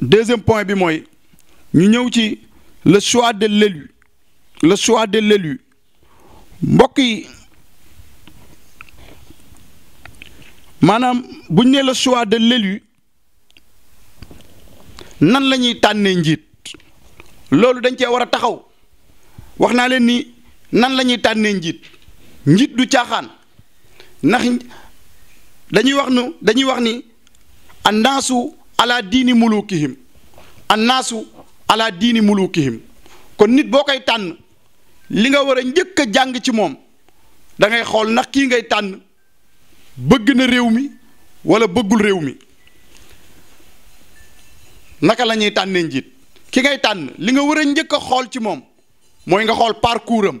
deuxième point bi mooy ñu ñëw ci le choix de l'élu le choix de l'élu mbokk yi maanaam bu ñu nee le choix de l'élu nan la ñuy tànnee njiit loolu dañ cee war a taxaw wax naa leen ni nan la ñuy tànnee njiit njiit du caaxaan ndax dañuy wax nu dañuy wax ni annaasu ala diini mulukihim annaasu ala kon nit boo koy tànn li nga war a njëkk a jàng ci moom da ngay xool ndax kii ngay tànn bëgg na réew mi wala bëggul réew mi naka lañuy ñuy tànnee njiit ki ngay tànn li nga war a njëkk a xool ci moom mooy nga xool parcours am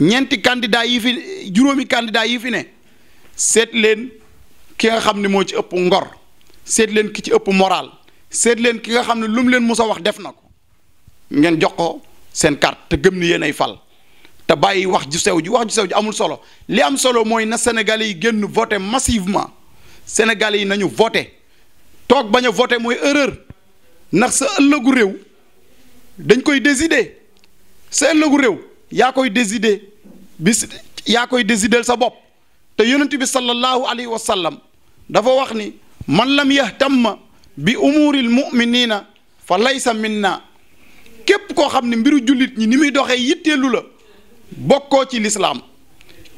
ñeenti candidat yi fi juróomi candidat yi fi ne seet leen ki nga xam ni moo ci ëpp ngor seet leen ki ci ëpp moral seet leen ki nga xam ne lu mu leen musa wax def na ko ngeen jox ko seen carte te gëm ni yéen ay fal te bàyyi wax ju sew ji wax ju sew ji amul solo li am solo mooy na Sénégalais yi génn voté massivement Sénégalais yi nañu voté toog bañ a voté mooy erreur ndax sa ëllëgu réew dañ koy décider sa ëllëgu réew. yaa koy décider bis yaa koy décider sa bopp te yonent bi sallallahu alayhi wa sallam dafa wax ni man lam yahtamma bi umuuril muminina fa laysa minna képp koo xam ne mbiru jullit ñi ni muy doxee yitteelu la bokkoo ci lislaam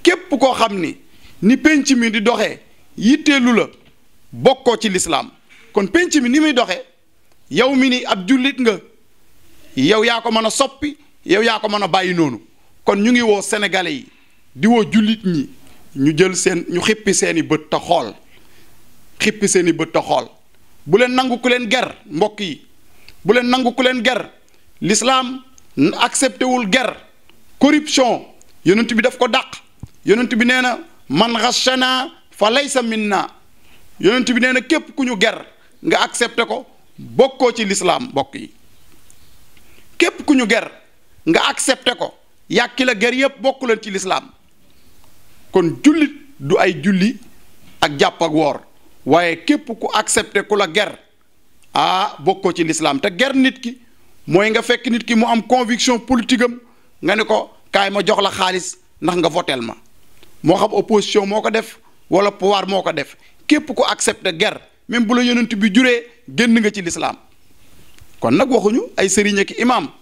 képp koo xam ni ni pénc mi di doxee yitteelu la bokkoo ci lislaam kon pénc mi ni muy doxee yow mi ni ab jullit nga yow yaa ko mën a soppi yow ya ko mën a bàyyi kon ñu ngi woo sénégalais yi di wo julit ñi ñu jël sen ñu xippi seeni bët te xool xippi seeni bët te xool bu nangu ku ger mbokk yi bu leen nangu ku leen ger l'islam accepté wul ger corruption yonent bi daf ko dàq yonent bi nee man xashana fa laysa minna yonent bi nee na ku ñu ger nga accepté ko bokko ci l'islam mbokk yi képp ku ñu ger nga accepté ko yàkki la ger yëpp bokku ci lislaam kon jullit du ay julli ak jàpp ak woor waaye képp ku accepté ku la ger ah bokkoo ci lislaam te ger nit ki mooy nga fekk nit ki mu am conviction politique am nga ne ko kaay ma jox la xaalis ndax nga voteel ma moo xam opposition moo ko def wala pouvoir moo ko def képp ku accepté ger même bu la yonent bi juree génn nga ci lislaam kon nag waxuñu ay sëriñ ak imam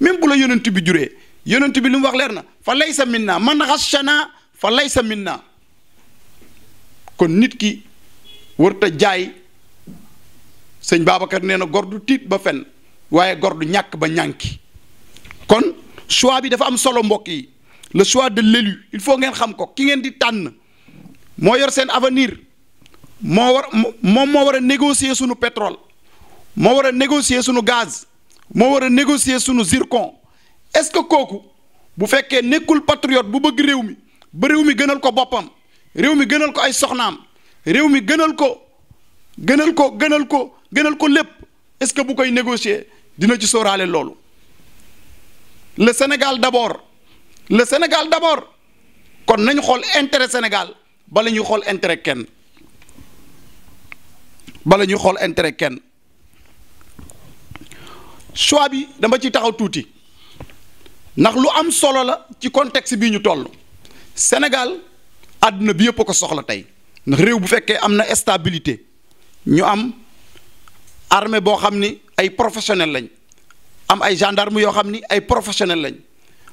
même bu la yonent bi juree yonent bi li mu wax leer na fa lay laysa naa man xashana fa laysa minna kon nit ki wërta jaay sëñ Babacar nee na gordu du tiit ba fen waaye gor du ñàkk ba ñànki kon choix bi dafa am solo mbokk yi le choix de l'élu il faut ngeen xam ko ki ngeen di tànn moo yor seen avenir moo war moom moo war a négocier sunu pétrole moo war a négocier sunu gaz moo war a négocier sunu zircon est-ce que kooku bu fekkee Nekul patriote bu bëgg réew mi ba mi gënal ko boppam réew mi gënal ko ay soxnaam réew mi gënal ko gënal ko gënal ko gënal ko lépp est-ce que bu koy négocier dina ci sóoraale loolu le Sénégal d'abord le Sénégal d'abord kon nañu xool intérêt Sénégal bala ñuy xool intérêt kenn bala ñuy xool intérêt kenn choix bi dama ci taxaw tuuti ndax lu am solo la ci contexte bii ñu toll Sénégal àdduna bi yëpp a ko soxla tey ndax réew bu fekkee am na stabilité ñu am armée boo xam ni ay professionnel lañ am ay gendarme yoo xam ni ay professionnel lañ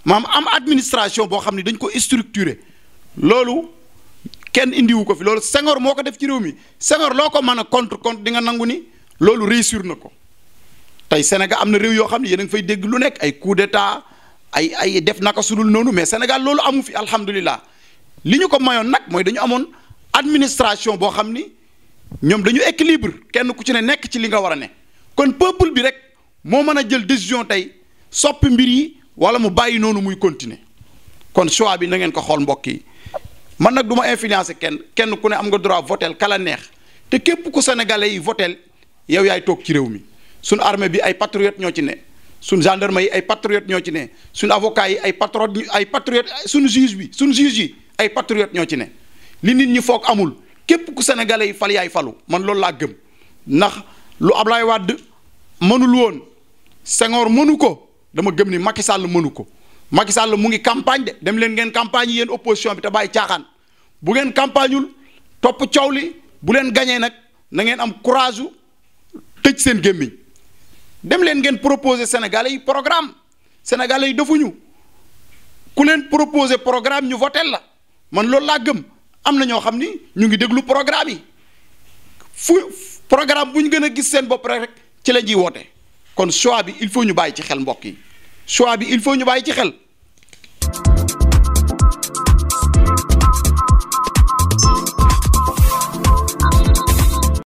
maam am administration boo xam ni dañ ko structuré loolu kenn indiwu ko fi loolu Senghor moo ko def ci réew mi Senghor loo ko mën a contre contre di nga nangu ni loolu réussir na ko tey Sénégal am na réew yoo xam ne yéen a ngi fay dégg lu nekk ay coup d'état ay ay def naka sudul noonu mais Sénégal loolu amu fi alhamdulilah li ñu ko mayoon nag mooy dañu amoon administration boo xam ni ñoom dañu équilibre kenn ku ci ne nekk ci li nga war a ne kon peuple bi rek moo mën a jël décision tey soppi mbir yi wala mu bàyyi noonu muy continuer kon choix bi na ngeen ko xool mbokk yi man nag du ma influencer kenn kenn ku ne am nga droit votel kala neex te képp ku sénégalais yi votel yow yaay toog ci réew mi suñu armée bi ay patriotes ñoo ci ne suñu gendarme yi ay patriotes ñoo ci ne suñu avocat yi ay patriotes ay patriotes suñu juge bi suñu juge yi ay patriotes ñoo ci ne li nit ñi foog amul képp ku sénégalais yi fal yaay falu man loolu laa gëm ndax lu Ablaye Wade mënul woon Senghor mënu ko dama gëm ni Macky Sall mënu ko Macky Sall mu ngi campagne de dem leen ngeen campagne yi yéen opposition bi te bàyyi caaxaan bu ngeen campagneul topp coow li bu leen gañee nag na ngeen am courage tëj seen gémmiñ dem leen ngeen proposer Sénégalais yi programme Sénégalais yi defuñu ku leen proposer programme ñu votel la man loolu laa gëm am na ñoo xam ni ñu ngi déglu programme yi fu programme bu ñu gën a gis seen bopp rek ci la ñuy woote kon choix bi il faut ñu bàyyi ci xel mbokk yi choix bi il faut ñu bàyyi ci xel.